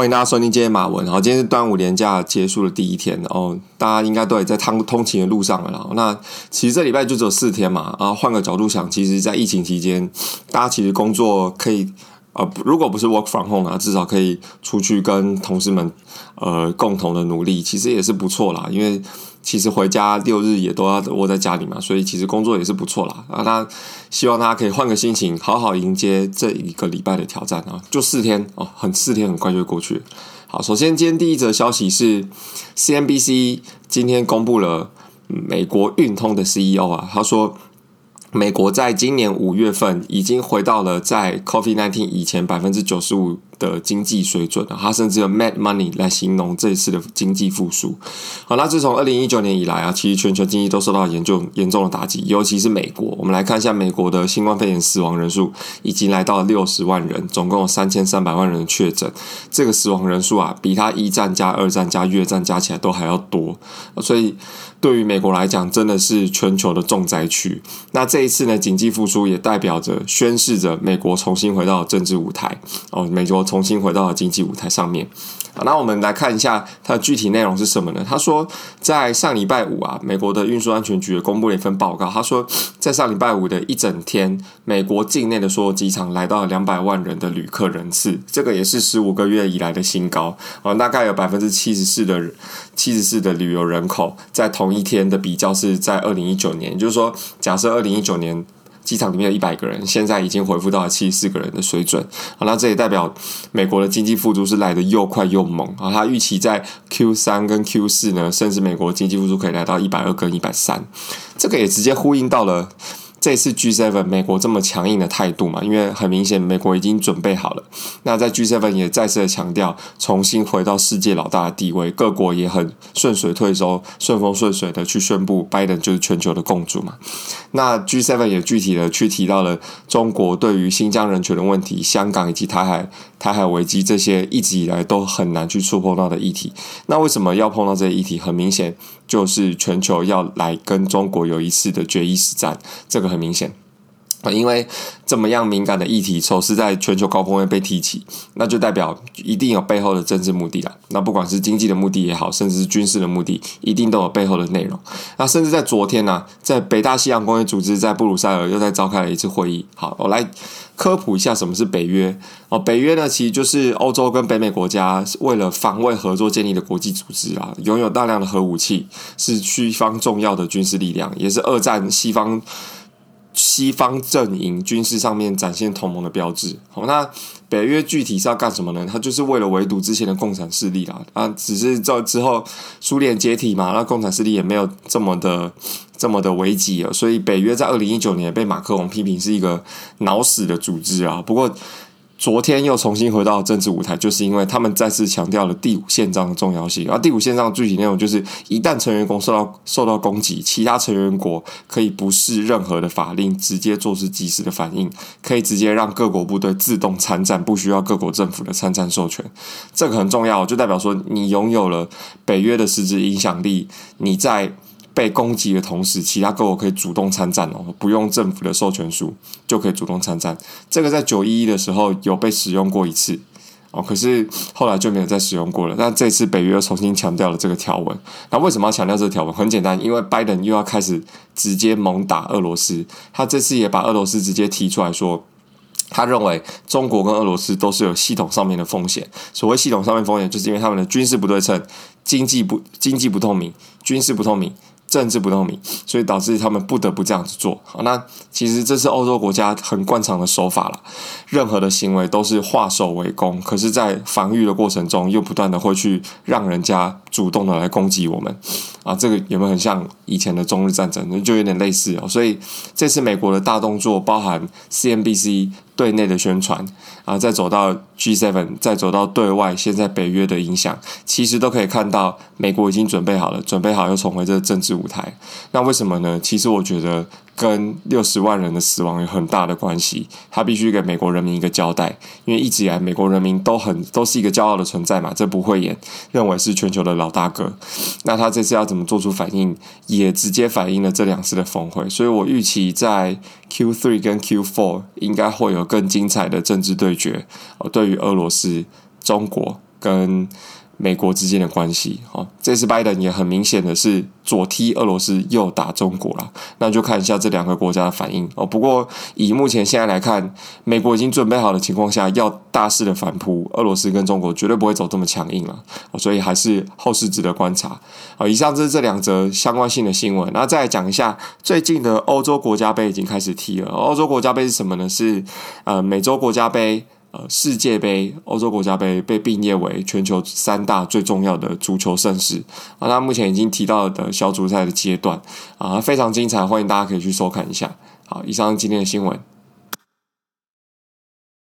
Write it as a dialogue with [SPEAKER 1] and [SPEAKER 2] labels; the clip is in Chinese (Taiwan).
[SPEAKER 1] 歡迎大家收聽今天馬文，然後今天是端午連假結束的第一天，然、哦、後大家應該都在通通勤的路上了。哦、那其實這禮拜就只有四天嘛，後、哦、換個角度想，其實，在疫情期間，大家其實工作可以。啊、呃，如果不是 work from home 啊，至少可以出去跟同事們呃共同的努力，其實也是不錯啦。因為其實回家六日也都要窩在家裡嘛，所以其實工作也是不錯啦。啊，那希望大家可以換個心情，好好迎接這一個禮拜的挑戰啊。就四天哦，很四天很快就過去。好，首先今天第一則消息是 CNBC 今天公布了美國運通的 CEO 啊，他說。美國在今年五月份已經回到了在 COVID-19 以前百分之九十五的經濟水準啊，他甚至用 “mad money” 來形容這一次的經濟復甦。好，那自從二零一九年以來啊，其實全球經濟都受到嚴重嚴重的打擊，尤其是美國。我們來看一下美國的新冠肺炎死亡人數已經來到六十萬人，總共有三千三百萬人的確診。這個死亡人數啊，比他一戰加二戰加越戰加起來都還要多。所以對於美國來講，真的是全球的重災區。那這一次呢，經濟復甦也代表着宣示着美國重新回到政治舞台哦，美國。重新回到了經濟舞台上面。那我們來看一下它的具體內容是什麼呢？他說，在上禮拜五啊，美國的運輸安全局也公布了一份報告。他說，在上禮拜五的一整天，美國境內的所有機場來到兩百萬人的旅客人次，這個也是十五個月以來的新高啊、呃！大概有百分之七十四的七十四的旅遊人口，在同一天的比較是在二零一九年，也就是說，假設二零一九年。機場裡面有一百個人，現在已經恢復到了七十四個人的水準。好，那這也代表美國的經濟復甦是來的又快又猛啊！他預期在 Q 三跟 Q 四呢，甚至美國經濟復甦可以來到一百二跟一百三，這個也直接呼應到了。這次 G7 美國這麼強硬的態度嘛，因為很明顯美國已經準備好了。那在 G7 也再次的強調，重新回到世界老大的地位，各國也很順水推舟、順風順水的去宣佈拜登就是全球的共主嘛。那 G7 也具體的去提到了中國對於新疆人權的問題、香港以及台海、台海危機這些一直以來都很難去觸碰到的議題。那為什麼要碰到這些議題？很明顯就是全球要來跟中國有一次的決一死戰。這個。很明顯，啊，因為這麼樣敏感的議題首次在全球高峰會被提起，那就代表一定有背後的政治目的了。那不管是經濟的目的也好，甚至是軍事的目的，一定都有背後的內容。那甚至在昨天呢、啊，在北大西洋公約組織在布魯塞爾又在召開了一次會議。好，我來科普一下什麼是北約。哦，北約呢，其實就是歐洲跟北美國家為了防衛合作建立的國際組織啊，擁有大量的核武器，是西方重要的軍事力量，也是二戰西方。西方陣營軍事上面展現同盟的標誌，好，那北約具體是要幹什麼呢？他就是為了圍堵之前的共產勢力啦，啊，只是在之後蘇聯解體嘛，那共產勢力也沒有這麼的這麼的危急了，所以北約在二零一九年被馬克龍批評是一個腦死的組織啊，不過。昨天又重新回到政治舞台，就是因為他們再次強調了第五憲章的重要性。而、啊、第五憲章具體內容就是，一旦成員國受到受到攻擊，其他成員國可以無視任何的法令，直接做出及時的反應，可以直接讓各國部隊自動參戰，不需要各國政府的參戰授權。這個很重要，就代表說你擁有了北約的實質影響力，你在。被攻擊的同時，其他各國可以主動參戰哦，不用政府的授權書就可以主動參戰。這個在九一一的時候有被使用過一次哦，可是後來就沒有再使用過了。那這次北約又重新強調了這個條文。那為什麼要強調這條文？很簡單，因為拜登又要開始直接猛打俄羅斯。他這次也把俄羅斯直接提出來說，他認為中國跟俄羅斯都是有系統上面的風險。所謂系統上面風險，就是因為他們的軍事不對稱、經濟不經濟不透明、軍事不透明。政治不透明，所以導致他們不得不這樣子做。好，那其實這是歐洲國家很慣常的手法了。任何的行為都是化守為攻，可是，在防禦的過程中，又不斷的會去讓人家主動的來攻擊我們。啊，這個有沒有很像以前的中日戰爭？就有點類似哦。所以這次美國的大動作，包含 CNBC 對內的宣傳，啊，再走到 G7，再走到對外，現在北約的影響，其實都可以看到，美國已經準備好了，準備好又重回這個政治舞台。那為什麼呢？其實我覺得。跟六十萬人的死亡有很大的關係，他必須給美國人民一個交代，因為一直以來美國人民都很都是一個驕傲的存在嘛，這不會也認為是全球的老大哥。那他這次要怎麼做出反應，也直接反映了這兩次的峰會。所以我預期在 Q three 跟 Q four 應該會有更精彩的政治對決。對於俄羅斯、中國跟美國之間的關係，哦，這次拜登也很明顯的是左踢俄羅斯，右打中國了。那就看一下這兩個國家的反應哦。不過以目前現在來看，美國已經準備好的情況下，要大肆的反撲，俄羅斯跟中國絕對不會走這麼強硬了、啊哦。所以還是後市值得觀察。好、哦、以上就是這兩則相關性的新聞。那再來講一下最近的歐洲國家杯已經開始踢了。歐洲國家杯是什麼呢？是呃美洲國家杯。呃，世界盃、歐洲國家盃被並列為全球三大最重要的足球盛事啊。那目前已經提到的小組賽的階段啊，非常精彩，歡迎大家可以去收看一下。好，以上今天的新聞。